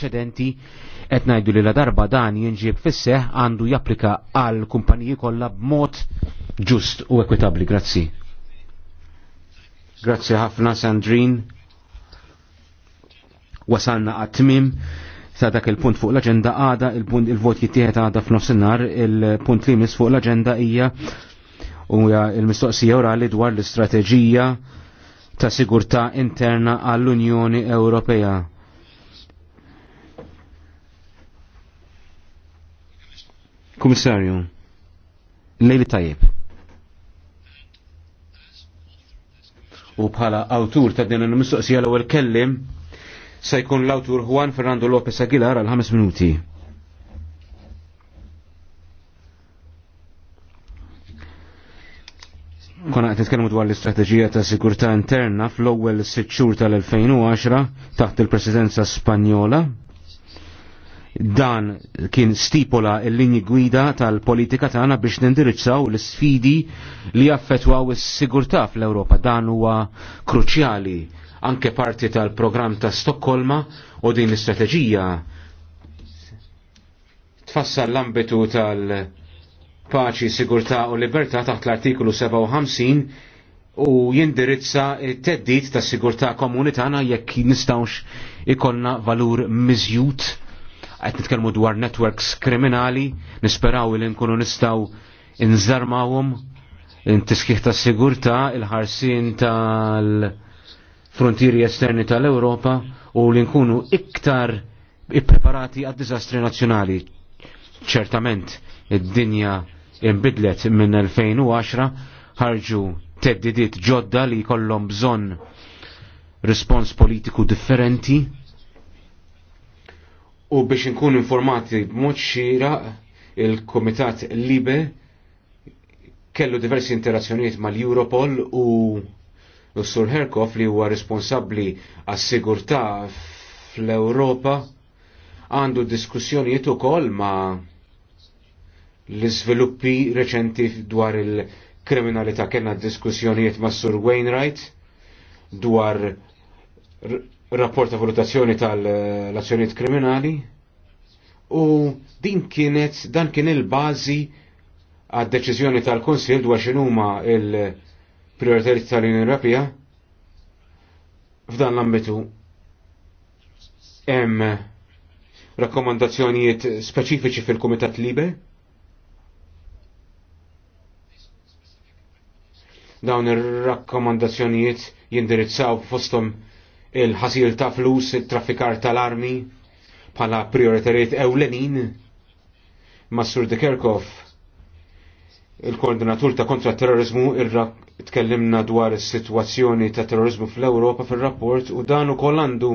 preċedenti qed ngħidu li la darba dan jinġib fisseħ għandu japplika għal kumpaniji kollha b'mod ġust u ekwitabli. Grazzi. Grazzi ħafna Sandrin. Wasalna għat-tmim ta' dak il-punt fuq l-aġenda għada, il-punt il-vot jittieħed għada f'nofsinhar, il-punt li mis fuq l-aġenda hija u il-mistoqsija orali dwar l-istrateġija ta' sigurtà interna għall-Unjoni Ewropea. Kummissarju, lejli tajib. U bħala awtur ta' din il-mistoqsija l-ewwel kellim se jkun l-awtur Juan Fernando Lopez Aguilar għal ħames minuti. Konna qed nitkellmu dwar l istrategija ta' sigurta interna fl-ewwel sitt xhur tal-2010 taħt il-Presidenza Spanjola Dan kien stipola l-linji gwida tal-politika tagħna biex nindirizzaw l-sfidi li jaffetwaw is-sigurtà fl-Ewropa. Dan huwa kruċjali anke parti tal-programm ta' Stokkolma u din l-istrateġija tfassal l-ambitu tal-paċi, sigurtà u libertà taħt l-artiklu 57 u jindirizza t-teddit ta' sigurtà komuni tagħna jekk nistgħux ikollna valur miżjut qed nitkellmu dwar networks kriminali, nisperaw li nkunu nistgħu inżarmawhom tiskiħ ta' sigurta il-ħarsin tal-frontieri esterni tal-Europa u li nkunu iktar ippreparati għad dizastri nazzjonali. ċertament, id-dinja imbidlet minn 2010 ħarġu teddidiet ġodda li kollom bżonn rispons politiku differenti u biex nkun informati b'mod xira il-Komitat Libe kellu diversi interazzjonijiet mal-Europol u l sur Herkov li huwa responsabbli għas sigurtà fl-Ewropa għandu diskussjonijiet ukoll ma' l-iżviluppi reċenti dwar il-kriminalità kellna diskussjonijiet ma' Sur Wainwright dwar rapport ta' valutazzjoni tal-azzjoniet kriminali u din kienet dan kien il-bażi għad deċiżjoni tal-Konsil dwar x'inhuma il-prioritajiet tal-Unjoni Ewropea f'dan l-ambitu hemm rakkomandazzjonijiet speċifiċi fil-Kumitat Libe? Dawn ir-rakkomandazzjonijiet jindirizzaw fostom il-ħasil ta' flus, il-traffikar tal-armi, bħala prioritariet ewlenin, Massur de Kerkov, il-koordinatur ta' kontra terrorizmu tkellimna dwar is-sitwazzjoni ta' terrorizmu fl-Ewropa fil-rapport u dan ukoll għandu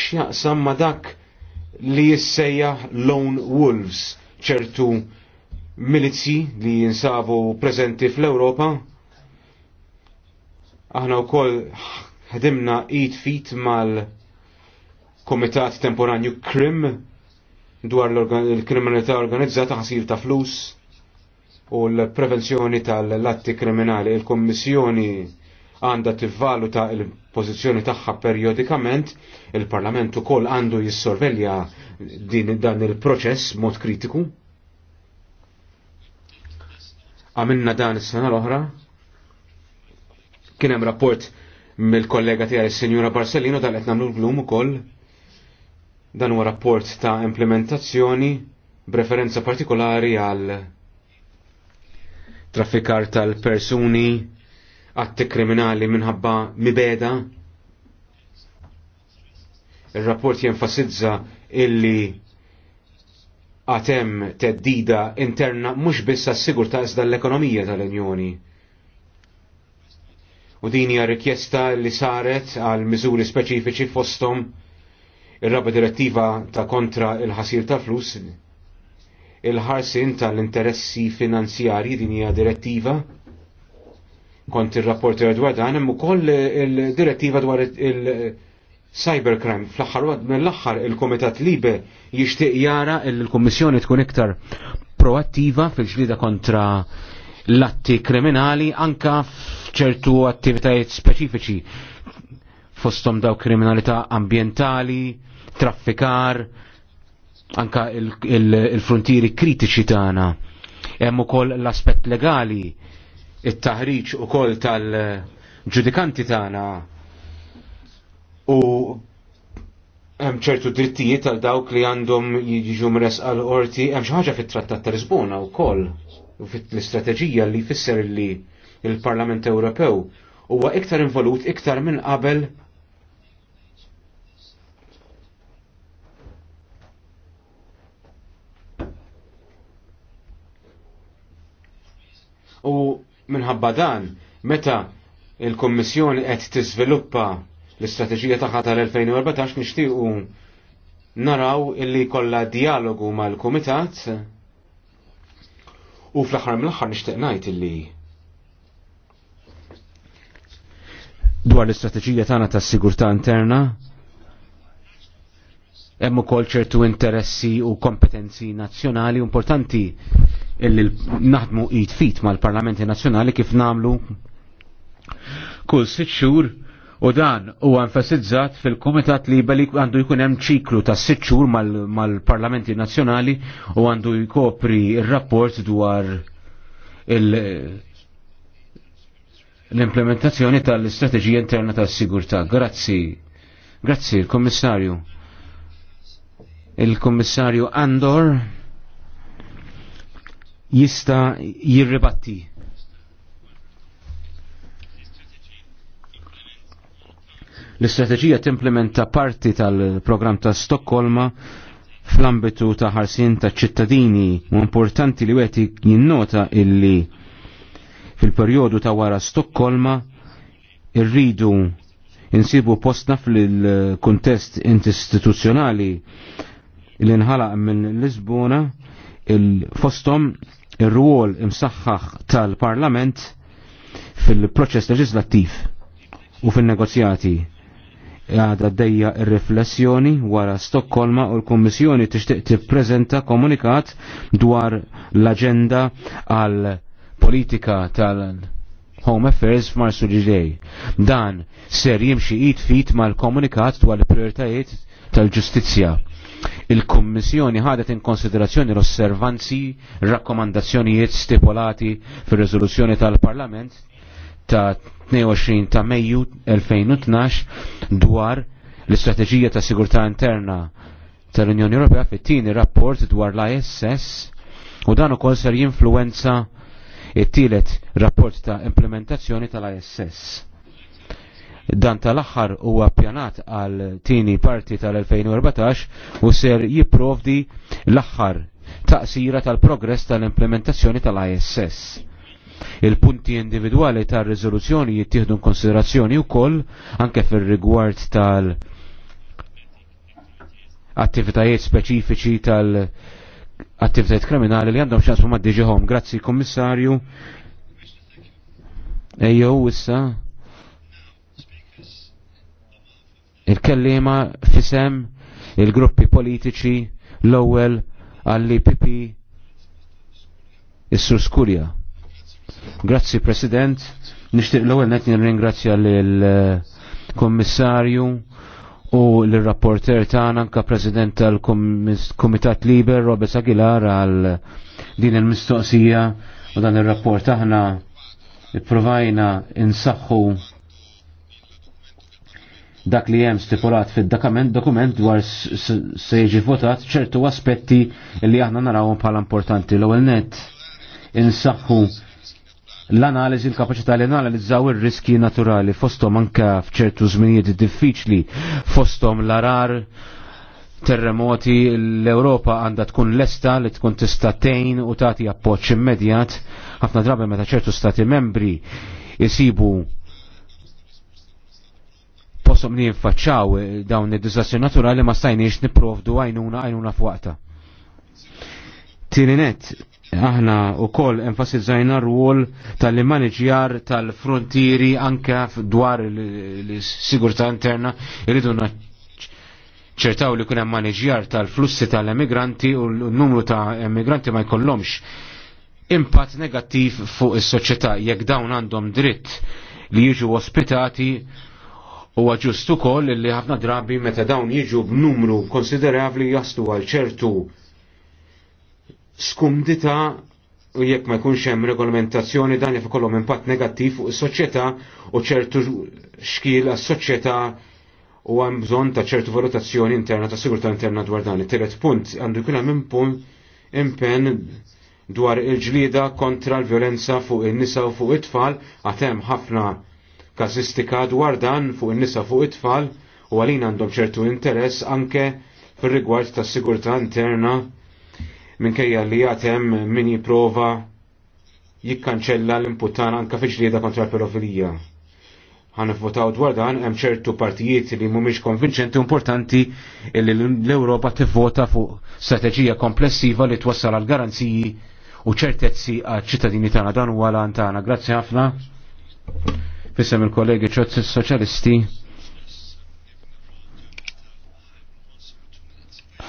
x'jaqsam ma' dak li jissejja Lone Wolves, ċertu milizzi li jinsabu preżenti fl-Ewropa. Aħna wkoll ħdimna id fit mal komitat temporanju krim dwar l-kriminalità organizzata ħasir ta' flus u l-prevenzjoni tal-latti kriminali. Il-Kommissjoni għanda tivvaluta il-pozizjoni tagħha periodikament, il-Parlament ukoll għandu jissorvelja din dan il-proċess mod kritiku. Għamilna dan is-sena l-oħra. Kien hemm rapport mill-kollega tiegħi il sinjura Barcellino tal qed nagħmlu l-glum ukoll. Dan huwa rapport ta' implementazzjoni b'referenza partikolari għal traffikar tal-persuni atti kriminali minħabba mibeda. Il-rapport jenfasizza illi għatem teddida interna mhux biss sas-sigur ta' iżda l-ekonomija tal-Unjoni u din hija rikjesta li saret għal miżuri speċifiċi fostom ir-raba direttiva ta' kontra il-ħasir ta' flus il-ħarsin tal-interessi finanzjari din hija direttiva kont ir rapporti dwar dan hemm ukoll il-direttiva dwar il-cybercrime fl-aħħar mill-aħħar il-Kumitat Libe jixtieq jara l-Kummissjoni tkun iktar proattiva fil-ġlida kontra l-atti kriminali anka f'ċertu attivitajiet speċifiċi fostom daw kriminalità ambientali, traffikar, anka il-frontieri il il kritiċi tagħna. Hemm ukoll l-aspett legali, it-taħriġ ukoll tal-ġudikanti tagħna u hemm ċertu drittijiet tal dawk li għandhom jiġu mres għal qorti hemm xi ħaġa fit-Trattat ta' Lisbona wkoll l-istrateġija li fisser li il-Parlament Ewropew huwa iktar involut iktar minn qabel U minħabba dan, meta il-Kommissjoni qed tiżviluppa l-istrateġija tagħha tal-2014 nixtiequ naraw illi kollha dialogu mal-Kumitat U fl-aħħar mill axar nixtieq ngħid illi dwar l-istrateġija tagħna tas-sigurtà interna hemm ukoll ċertu interessi u kompetenzi nazzjonali importanti illi naħdmu id fit mal-Parlamenti Nazzjonali kif namlu kull sitt xhur U dan u enfasizzat fil-Komitat Liba li għandu jkun hemm ċiklu ta' sitt xhur mal-Parlamenti Nazzjonali u għandu jkopri r-rapport dwar l-implementazzjoni tal-istrateġija interna tas-sigurtà. Grazzi. Grazzi il-Kommissarju. Il-Kommissarju Andor jista jirribatti L-istrateġija timplementa parti tal-programm ta' Stokkolma fl-ambitu ta' ħarsien ta' ċittadini u importanti li weti jinnota illi fil-perjodu ta' wara Stokkolma irridu insibu postna fil-kontest intistituzzjonali li nħalaq minn Lisbona il-fostom il ruol imsaxħax tal-Parlament fil-proċess leġislattiv u fil-negozjati għada dejja riflessjoni wara Stokkolma u l-Kommissjoni tixtieq tippreżenta komunikat dwar l-aġenda għal politika tal Home Affairs f'Marsu ġidej. Dan ser jimxi id fit mal-komunikat dwar l-prioritajiet tal-ġustizzja. Il-Kommissjoni ħadet in konsiderazzjoni l-osservanzi, rakkomandazzjonijiet stipulati fir-riżoluzzjoni tal-Parlament ta' 22 ta' Mejju 2012 dwar l-istrateġija ta' sigurtà interna tal-Unjoni Ewropea fit-tieni rapport dwar l-ISS u dan ukoll ser jinfluwenza it-tielet rapport ta' implementazzjoni tal-ISS. Dan tal-aħħar huwa pjanat għal tieni parti tal-2014 u ser jipprovdi l-aħħar taqsira tal-progress tal-implementazzjoni tal-ISS Il-punti individuali tar riżoluzzjoni jittieħdu konsiderazzjoni wkoll anke fir-rigward tal- attivitajiet speċifiċi tal attivitajiet kriminali li għandhom xans ma' diġiħom. Grazzi kommissarju. Ejjo, issa. Il-kellima fisem il-gruppi politiċi l-ewwel għall-IPP is-Sur Skurja. Grazzi President, nishtiq l-ewwel qed nirringrazzja lil eh, kommissarju u l-rapporter tagħna anke President tal-Kumitat Liber Robert Aguilar għal din il-mistoqsija u dan ir-rapport aħna ipprovajna insaħħu dak li jem stipulat fil-dokument dokument dwar se jiġi votat ċertu aspetti li aħna narawhom bħala importanti l ewwel net insaħħu l-analiżi, l-kapaċità li analizzaw ir-riski naturali fosthom anka f'ċertu żminijiet diffiċli fosthom l-arar terremoti l-Europa għandha tkun lesta li tkun tista' tgħin u tagħti appoġġ immedjat ħafna drabi meta ċertu stati membri jisibu posom li jinfaċċaw dawn id-diżastri naturali ma stajniex nipprovdu għajnuna għajnuna fuqta. Tieni net, aħna u koll enfasizzajna rwol tal-manager tal-frontieri anka dwar l-sigurta interna irridu ċertaw li kunem manġjar tal-flussi tal-emigranti u l-numru ta' emigranti ma jkollomx impatt negattiv fuq is-soċjetà jekk dawn għandhom dritt li jiġu ospitati u għagġustu koll li ħafna drabi meta dawn jiġu b'numru konsiderabli jaslu għal ċertu skumdita u jekk ma jkunx hemm regolamentazzjoni dan jaf ikollhom impatt negattiv fuq is-soċjetà u ċertu xkil għas-soċjetà u hemm bżonn ta' ċertu valutazzjoni interna ta' sigurtà interna dwar dan. It-tielet punt għandu jkun hemm punt impenn dwar il-ġlieda kontra l-violenza fuq in-nisa u fuq it-tfal għad hemm ħafna kazistika dwar dan fuq in-nisa fuq it-tfal u għalin għandhom ċertu interess anke fir-rigward tas-sigurtà interna minkejja li jatem min jiprova jikkanċella l-imputan anka fi ġlieda kontra l-pedofilija. Għan votaw dwar dan hemm ċertu partijiet li mhumiex konvinċenti importanti li l-Ewropa tivvota fuq strateġija komplessiva li twassal għal garanziji u ċertezzi għal ċittadini tagħna dan huwa lan tagħna. Grazzi ħafna. Fissem il-kollegi ċozzi soċjalisti.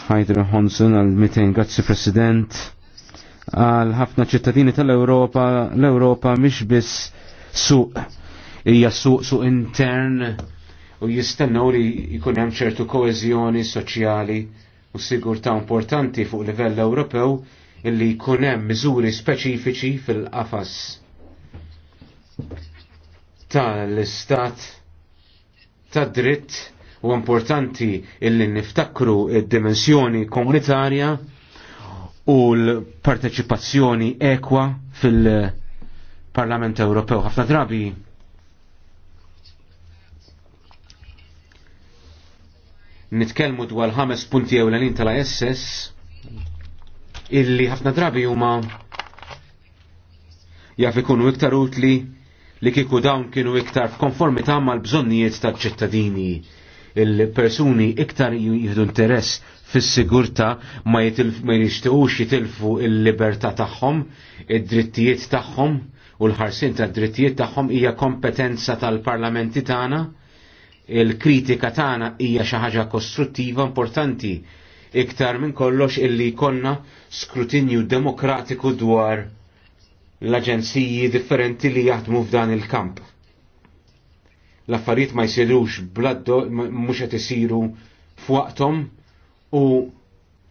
Hydra Honson għal-200 Gazzi President għal ħafna ċittadini tal-Europa l-Europa mhix biss suq hija suq suq intern u jistennu li jkun hemm ċertu koeżjoni soċjali u sigurtà importanti fuq livell Ewropew illi jkun hemm miżuri speċifiċi fil-qafas tal-istat tad dritt U importanti illi niftakru id-dimensjoni komunitarja u l-parteċipazzjoni ekwa fil-Parlament Ewropew. Ħafna drabi nitkellmu dwar ħames punti ewlenin tal-ISS illi ħafna drabi huma jaf ikunu iktar utli li kiku dawn kienu iktar f'konformità mal-bżonnijiet tal-ċittadini il-persuni iktar jihdu interess fis-sigurta ma jixtiqux jitilfu il-libertà tagħhom, id-drittijiet tagħhom u l-ħarsin tad-drittijiet tagħhom hija kompetenza tal-parlamenti tagħna. Il-kritika tagħna hija xi ħaġa kostruttiva importanti iktar minn kollox illi konna skrutinju demokratiku dwar l-aġenziji differenti li jaħdmu f'dan il-kamp l-affarijiet ma jsirux bladdo mhux qed isiru f'waqthom u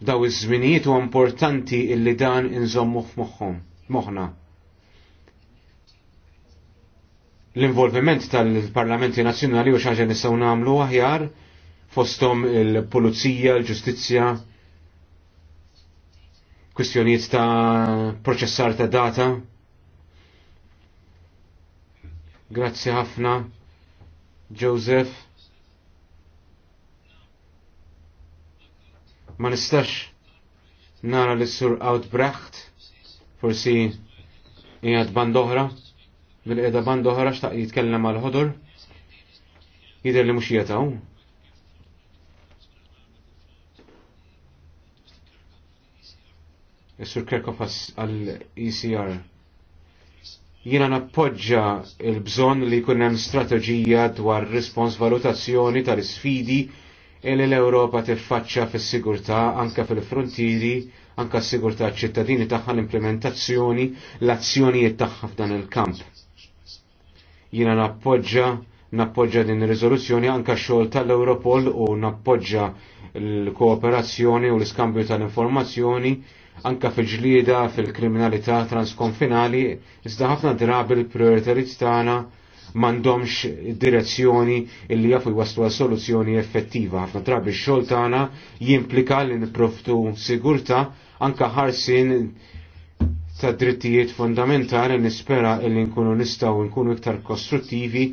daw iż-żminijiet huwa importanti illi dan inżommu f'moħħhom moħħna. L-involviment tal-Parlamenti Nazzjonali u xaġa nistgħu nagħmlu aħjar fosthom il-pulizija, l-ġustizzja, kwistjonijiet ta' proċessar ta' data. Grazzi ħafna. Joseph ma nistax nara li sur Outbracht forsi jgħad band oħra qeda band oħra xtaq jitkellem għal ħodur jider li mux jgħataw Is-Sur Kerkofas għal-ECR Jiena nappoġġa il-bżonn li jkun hemm strateġija dwar rispons valutazzjoni tal-isfidi e li l-Ewropa tiffaċċja fis-sigurtà anke fil-frontieri, anke s-sigurtà ċittadini tagħha l-implementazzjoni, l-azzjonijiet tagħha f'dan il-kamp. Jiena nappoġġa nappoġġa din ir-riżoluzzjoni anke x-xogħol tal-Europol u nappoġġa l-kooperazzjoni u l-iskambju tal-informazzjoni anka fil-ġlieda fil-kriminalità transkonfinali, iżda ħafna drabi l-prioritajiet tagħna m'għandhomx direzzjoni illi jafu jwaslu għal soluzzjoni effettiva. Ħafna drabi x-xogħol tagħna jimplika li niprovtu sigurtà anka ħarsin ta' drittijiet fundamentali nispera illi nkunu nistgħu nkunu iktar kostruttivi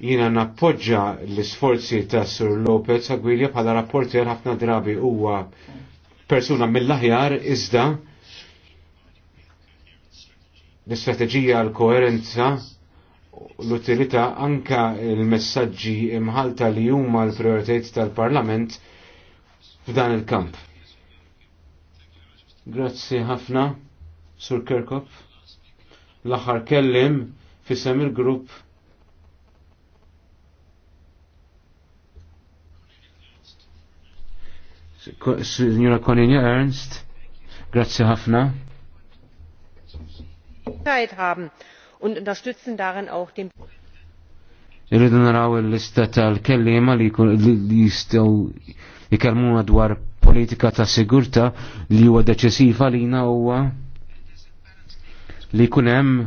jina nappoġġa l-isforzi ta' Sur Lopez Aguilja bħala rapporter ħafna drabi huwa persuna mill-aħjar iżda l-istrateġija l-koerenza l-utilità anka il-messagġi imħalta li huma l-prioritajiet tal-Parlament f'dan il-kamp. Grazzi ħafna, Sur Kirkop. L-aħħar kellim fisem il-grupp Signora Cornelia Ernst, grazie ħafna. Zeit haben und unterstützen darin auch den Irridu naraw il-lista tal-kellima li jistgħu jikalmuna dwar politika ta' sigurta li huwa deċessiva li jina huwa li jkun hemm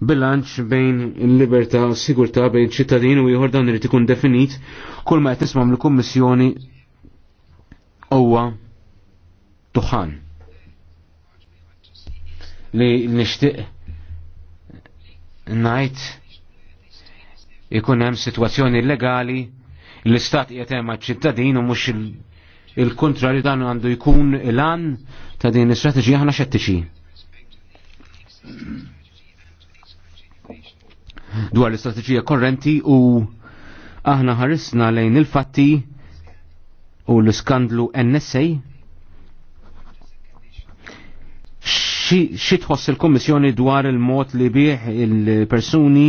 bilanċ bejn il-libertà u sigurtà bejn ċittadin u ieħor dan irid ikun definit kull ma qed l kummissjoni huwa tuħan li nishtiq najt ikun hemm situazzjoni legali l-istat qiegħed ċittadin u mhux il-kontra li dan għandu jkun il an ta' din l-istrateġija ħana xettiċi. Dwar l-istrateġija korrenti u aħna ħarisna lejn il-fatti u l-skandlu NSA xi tħoss il-Kommissjoni dwar il-mod li bih il-persuni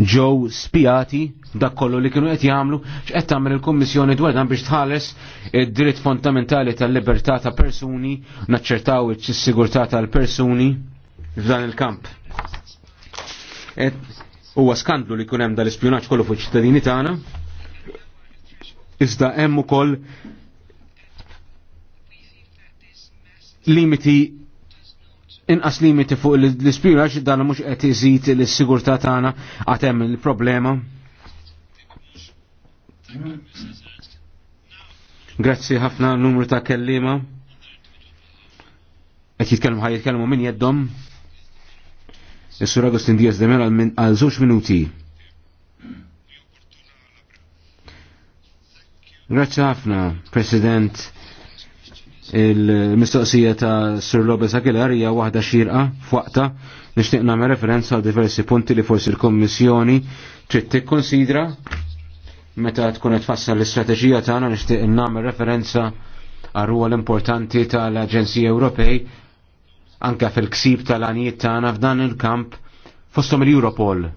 ġew spjati dak kollu li kienu qed jagħmlu x'qed tagħmel il-Kummissjoni dwar dan biex tħares id-dritt fondamentali tal-libertà ta' persuni naċċertaw is-sigurtà tal-persuni f'dan il-kamp. Huwa skandlu li kun hemm dal-ispjunaġġ kollu fuq ċittadini tagħna iżda hemm ukoll limiti inqas limiti fuq l-ispira għax dan mhux qed iżid l-sigurtà tagħna għad hemm il-problema. Grazzi ħafna numru ta' kellima. Qed jitkellmu ħaj jitkellmu min jeddhom. Is-Sur Agustin Diaz de Mera għal żewġ minuti. Grazzi ħafna, President. Il-mistoqsija ta' Sir Lopez Aguilar hija waħda xirqa f'waqta nixtieq nagħmel referenza għal diversi punti li forsi l-Kommissjoni trid tikkonsidra meta tkun qed tfassal l-istrateġija tagħna nixtieq nagħmel referenza għal ruol importanti tal-Aġenziji Ewropej anke fil-ksib tal-għanijiet tagħna f'dan il-kamp fostom il-Europol.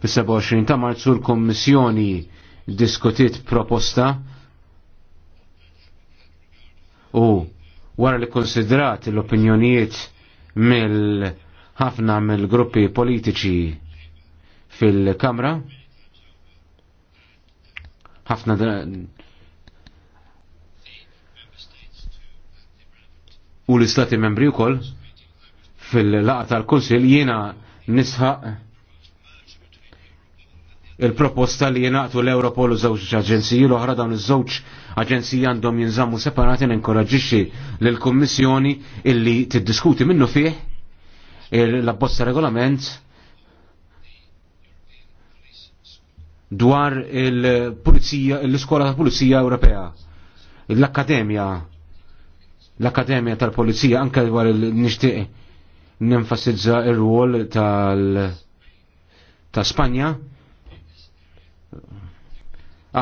Fis-27 ta' Marzu l-Kommissjoni diskutiet proposta u wara li konsidrat l-opinjonijiet mill ħafna mill-gruppi politiċi fil-Kamra, ħafna u l-Istati membri wkoll fil-laqa tal kunsill jiena nisħaq il-proposta li jenaqtu l-Europol u żewġ aġenziji l-oħra dawn iż-żewġ aġenzija għandhom jinżammu separati ninkoraġixxi lill kummissjoni illi tiddiskuti minnu fih l-abbozza regolament dwar il-pulizija, l-iskola tal pulizija Ewropea, l-Akademja, l-Akademja tal-Polizija, anke dwar il-nishtiq nenfasizza il-ruol tal- Spanja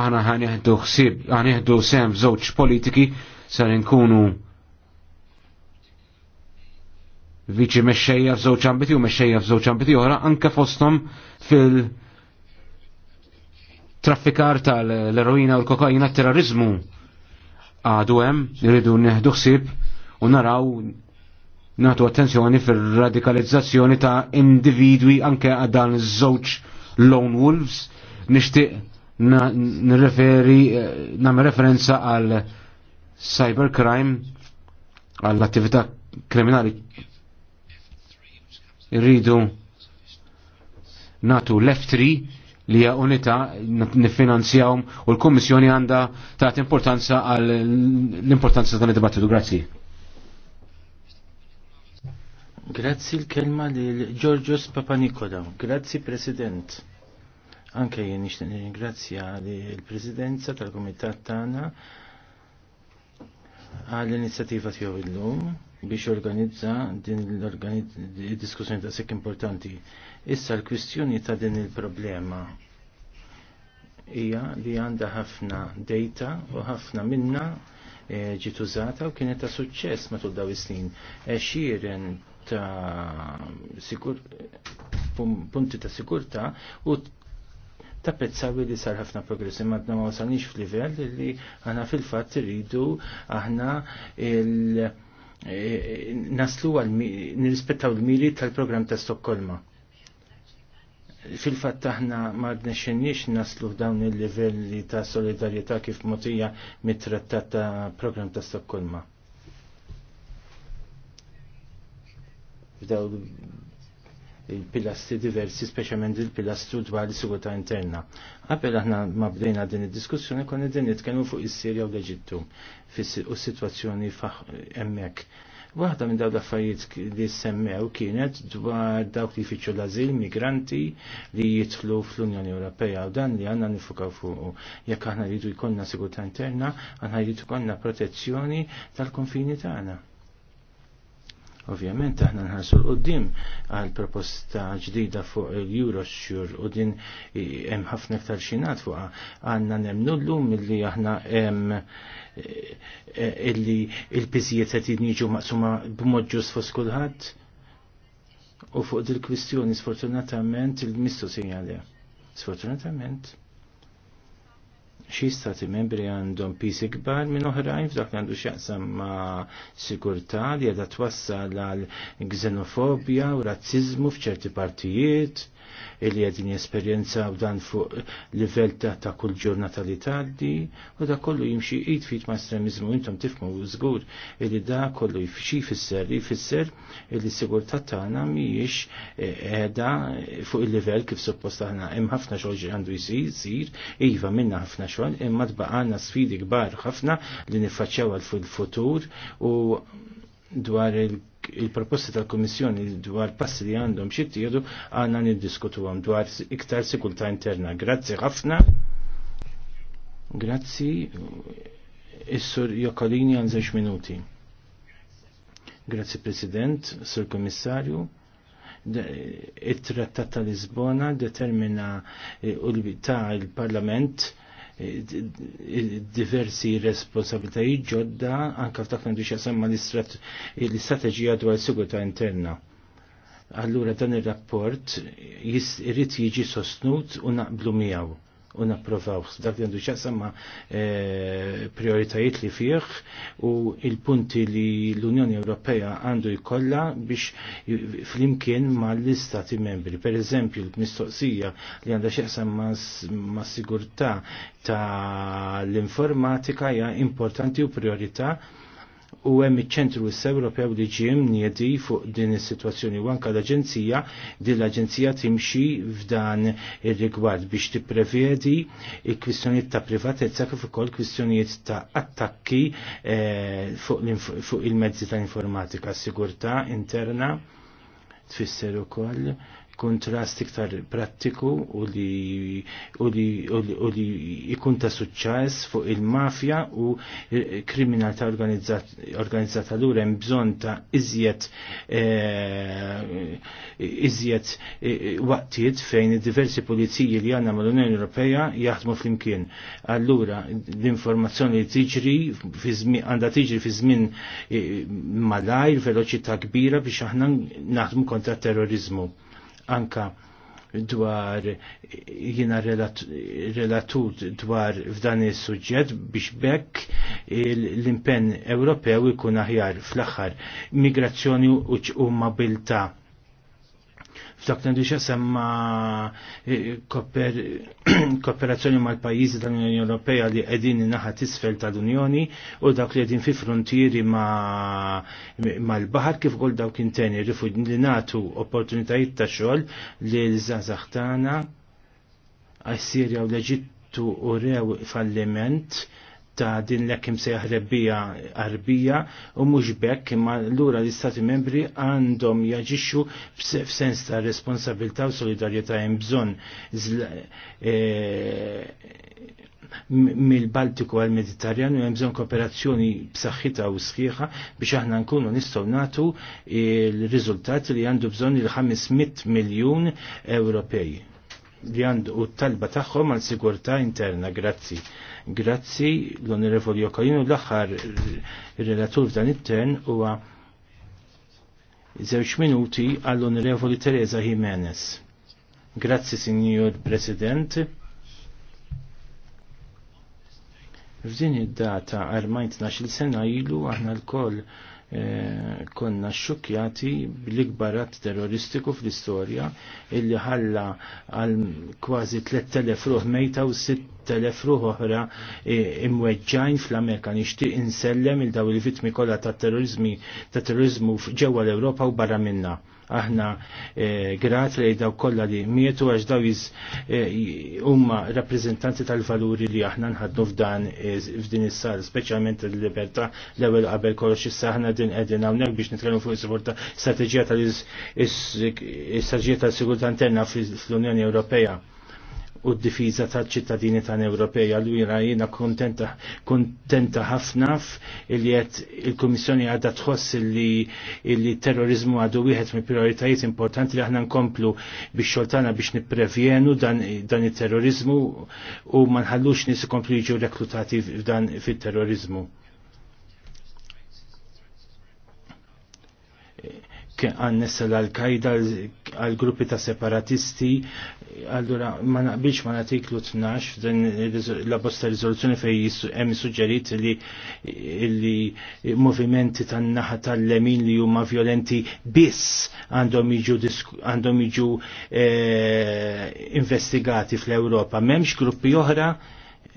aħna ħanieħdu ħsieb, ħanieħdu sem żewġ politiki sar nkunu viċi mexxejja f'żewġ ambiti u mexxejja f'żewġ ambiti oħra anke fosthom fil- traffikar tal-eroina u l-kokaina terrorizmu għadu hemm irridu neħdu ħsieb u naraw nagħtu attenzjoni fir-radikalizzazzjoni ta' individwi anke għad dan iż-żewġ lone wolves nixtieq nirreferi nam referenza għal cybercrime għall attività kriminali irridu natu l-F3 li hija unità nifinanzjawhom u l-Kummissjoni għandha tagħti importanza għal l-importanza dan id-dibattitu. Grazzi. Grazzi l-kelma li Giorgios Papanikola. Grazzi President. Anke jien nixtieq nirringrazzja l-Presidenza tal-Kumitat tagħna għall inizjattiva tiegħu illum biex organizza din l-diskussjoni ta' sekk importanti. Issa l-kwistjoni ta' din il-problema hija li għandha ħafna data u ħafna minna e, ġiet użata u kienet ta' suċċess matul daw is-snin. E, xieren ta' punti ta' sikurta u tapprezzaw li sar ħafna progress imma għadna ma wasalniex f'livell li aħna fil-fatt iridu aħna e, naslu għal nirrispettaw l miri tal-programm ta' Stokkolma fil-fatt aħna ma nexxenniex naslu dawn il-livelli ta' solidarjetà kif motija mit-trattat ta' program ta' Stokkolma il-pilastri diversi, speċjalment il-pilastru dwar is-sigurtà interna. Qabel aħna ma bdejna din id-diskussjoni konna din nitkellmu fuq is-Sirja u l-Eġittu u s-sitwazzjoni hemmhekk. Waħda minn dawn l-affarijiet li semmew kienet dwar dawk li jfittxu l-azil migranti li jidħlu fl-Unjoni Ewropea u dan li għandna nifukaw fuq. Jekk aħna rridu jkollna sigurtà interna, aħna rridu jkollna protezzjoni tal-konfini tagħna Ovvjament aħna nħarsu l-qoddim għal proposta ġdida fuq il euroshur u din hemm ħafna iktar xinat fuqha għandna nemnu llum illi aħna hemm eh, eh, illi il-biżijiet qed jiġu maqsuma b'mod ġust fost kulħadd u fuq dil-kwistjoni sfortunatament il mistu sinjali. Sfortunatament xi stati membri għandhom pisi kbar minn oħrajn f'dak li għandu x'jaqsam ma' sigurtà li qiegħda twassal għal xenofobja u razziżmu f'ċerti partijiet illi għedin jesperienza u dan fuq livell ta' ta' kull ġurnata li tgħaddi u da' kollu jimxi id fit ma' estremizmu intom tifmu żgur illi da' kollu jifxi fisser li jfisser illi sigurtà tagħna mhijiex e, qiegħda fuq il-livell kif suppost aħna hemm ħafna xogħol għandu jsir iva minna ħafna xogħol imma tbaqgħana sfidi kbar ħafna li niffaċċjaw għal fil-futur u dwar il- il-proposti tal-Komissjoni dwar passi li għandhom xittiedu għanna niddiskutu għam dwar iktar sekulta interna. Grazzi ħafna. Grazzi. Is-sur Jokolini għan minuti. Grazzi President, Sur Komissarju it-trattat ta' Lisbona determina eh, u l-bita il-Parlament diversi responsabilitajiet ġodda anka f'dak għandu semma l-istrateġija dwar sigurtà interna. Allura dan ir-rapport jrid jiġi sostnut u naqblu miegħu u napprovaw. Dak li għandu ċasamma eh, prioritajiet li fih u il-punti li l-Unjoni Ewropea għandu jkollha biex flimkien ma l-istati membri. Per eżempju, l-mistoqsija li għandha xaqsam ma sigurtà ta' l-informatika hija importanti u priorità u hemm iċ-ċentru s Ewropew li ġie mniedi fuq din is-sitwazzjoni u anke l-aġenzija din l-aġenzija timxi f'dan ir-rigward biex tipprevedi il-kwistjonijiet ta' privatezza kif ukoll kwistjonijiet ta' attakki eh, fuq il-mezzi ta' informatika, sigurtà interna tfisser ukoll kontrast iktar prattiku u li, u li, u li, u li ikun ta' suċċess fuq il-mafja u kriminalità organizzata l hemm bżonn ta' iżjed e, iżjed e, waqtiet fejn diversi puliziji li għandna mal-Unjoni Ewropea jaħdmu flimkien. Allura l-informazzjoni li tiġri għandha tiġri fi żmien eh, malajr, veloċità kbira biex aħna naħdmu kontra terrorizmu anka dwar jina relatut dwar f'dan il-sujġet biex bekk l-impenn Ewropew ikun aħjar fl-aħħar migrazzjoni u mobilta' f'dak li semma eh, kooperazzjoni mal-pajjiżi tal-Unjoni Ewropea li qegħdin naħa tisfel tal-Unjoni u dak li qegħdin fi frontieri mal-baħar kif ukoll dawk inteni li nagħtu opportunitajiet ta' xogħol li l-żgħażagħ tagħna għas-Sirja u l-Eġittu u rew falliment ta' din l-ekim se rebbija arbija u mux bekk imma l-ura l-istati membri għandhom jaġixxu f'sens ta' responsabilta' u solidarjetà hemm bżonn e, mill-Baltiku għal mediterranju hemm bżonn kooperazzjoni b'saħħitha u sħiħa biex aħna nkunu nistgħu nagħtu l rizultat li għandu bżonn il-500 miljun Ewropej li għandu u t-talba tagħhom għal sigurtà interna. Grazzi. Grazzi l-Onorevoli u l-aħħar relatur f'dan it-tern huwa żewġ minuti għall-Onorevoli Teresa Jimenez. Grazzi Signor President. F'din id-data armajt il sena ilu aħna l-koll eh, konna xukjati bl-ikbar terroristiku fl-istorja illi ħalla għal kważi 3000 ruħ mejta u telef ruħ oħra e, imweġġajn fl-Amerika nixtieq insellem il daw il-vitmi kollha tat-terrorizmi ta' terrorizmu ġewwa l-Ewropa u barra minna. Aħna e, grat li daw kollha li mietu għax daw e, huma rappreżentanti tal-valuri li aħna nħadnu f'dan f'din is-sar, speċjalment il-libertà l-ewwel qabel kollox issa aħna din qegħdin hawnhekk biex nitkellmu fuq is-sigurtà strateġija tal-istraġija tal-sigurtà interna fl-Unjoni Ewropea u d-difiża tal-ċittadini tal ewropeja Allura jiena kontenta kontenta ħafna il jiet il komissjoni għadha tħoss li il-terrorizmu għadu wieħed mill prioritajiet importanti li aħna nkomplu biex xoltana biex nipprevjenu dan, dan il-terrorizmu u ma nħallux nies ikomplu jiġu reklutati f'dan fit-terrorizmu. għannessa l-Al-Qaida għal-gruppi ta' separatisti, allura ma naqbilx ma l 12 din la bosta rizoluzzjoni fej hemm suġġerit li li movimenti tan-naħa tal-lemin li huma violenti biss għandhom jiġu għandhom jiġu eh, investigati fl-Ewropa. M'hemmx gruppi oħra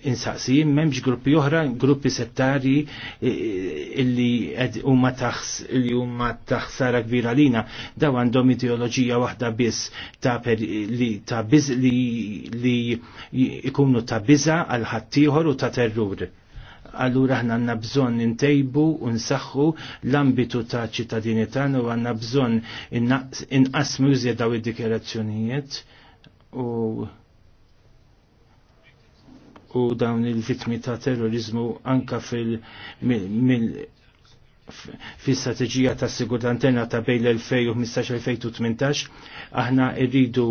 insaqsi, memx gruppi oħra, gruppi settari e, e, illi huma taħs li huma taħsara kbira lina, daw għandhom ideoloġija waħda biss ta' per, li ta' biz li, li ikunu ta' biża għal ħaddieħor u ta' terrur. Allura aħna għanna bżon intejbu u nsaħħu l-ambitu ta' ċittadini u għanna bżon inqasmu in daw id-dikjerazzjonijiet u u dawn il-vitmi ta' terrorizmu anka fil- fi strategija ta' sigurta interna ta' bejn l-2015-2018 aħna rridu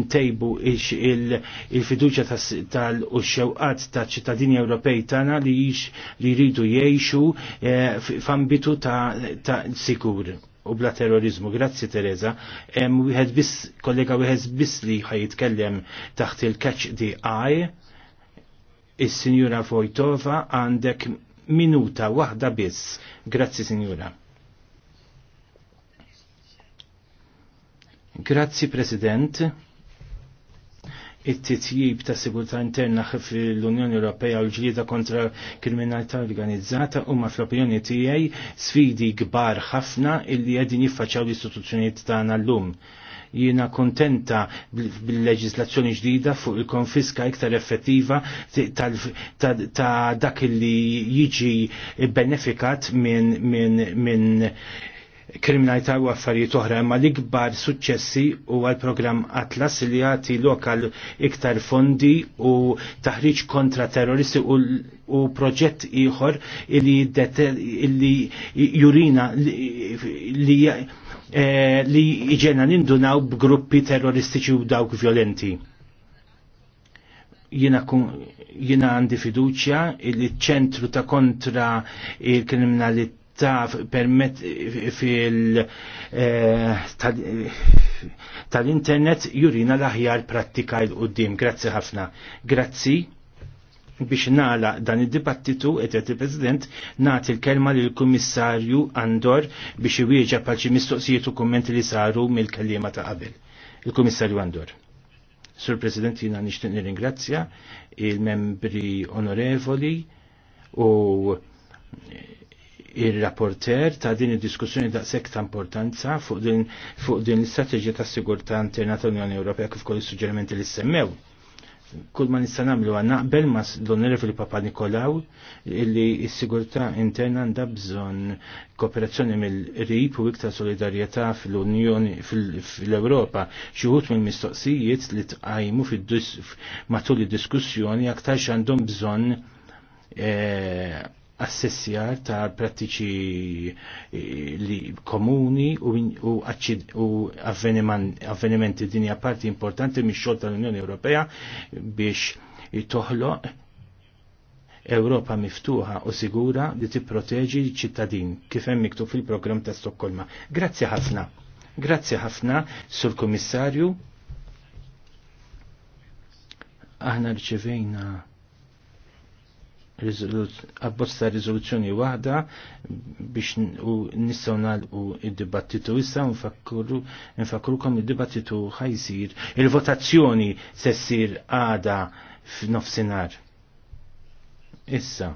ntejbu il-fiduċa tal-xewqat ta' ċittadini Ewropej tagħna li jridu jgħixu eh, f'ambitu ta' sigur u bla terrorizmu. Grazzi Tereza. Wieħed biss kollega wieħed biss li ħajitkellem taħt il-catch the eye Is-Sinjura Vojtova għandek minuta waħda biss. Grazzi, Sinjura. Grazzi, President. It-titjib ta' sigurtà interna l unjoni Ewropea u l-ġlieda kontra kriminalità organizzata huma fl-opinjoni tiegħi sfidi kbar ħafna illi qegħdin jiffaċaw l-istituzzjonijiet tagħna llum. lum Jiena kontenta bil-leġislazzjoni ġdida fuq il-konfiska iktar effettiva ta' dak li jiġi benefikat minn min, min kriminalità u affarijiet oħra, imma l-ikbar suċċessi huwa l-programm Atlas li jagħti lokal iktar fondi u taħriġ kontra terroristi u, u proġett ieħor illi jurina li, li Eh, li iġena nindunaw b'gruppi terroristiċi u dawk violenti. Jina, jina għandi fiduċja li ċentru ta' kontra il-kriminalità permet fil eh, tal-internet jurina l-aħjar prattika il-qoddim. Grazzi ħafna. Grazzi biex nala dan id-dibattitu qed il-President nagħti l-kelma l kummissarju Andor biex iwieġa paċi mistoqsijiet u li saru mill-kelliema ta' qabel. Il-Kummissarju Andor. Sur President jiena nixtieq nirringrazzja il-membri onorevoli u il-rapporter ta' din id-diskussjoni da' sekta importanza fuq din, fuq din l-istrateġija ta' sigurtà interna tal-Unjoni Ewropea kif kol is-suġġerimenti li semmew kull ma nista' nagħmlu naqbel ma l-Onorevoli Papa Nikolaw illi s-sigurtà interna għandha bżonn kooperazzjoni mill-qrib u iktar solidarjetà fil-Unjoni fil-Ewropa. Xi wħud mill-mistoqsijiet li tqajmu matul id-diskussjoni għaktar xandom bżonn eh, assessjar ta' prattiċi eh, li komuni u, u, avvenimenti dinja parti importanti mix xogħol tal-Unjoni Ewropea biex toħloq Ewropa miftuħa u sigura li ti l-ċittadin kif hemm fil-programm ta' Stokkolma. Grazzi ħafna. Grazzi ħafna sur komissarju Aħna rċevejna abbozza rizoluzzjoni waħda biex u nissaw nalqu id-dibattitu issa nfakrukom id-dibattitu ħajsir il-votazzjoni se ssir għada f'nofsinhar. Issa.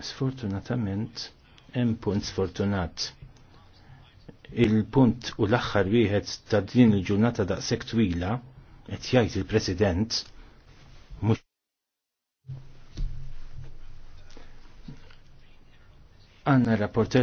Sfortunatament hemm punt sfortunat. Il-punt u l-aħħar wieħed ta' din il-ġurnata daqshekk twila qed jgħid il-President Għanna rapporter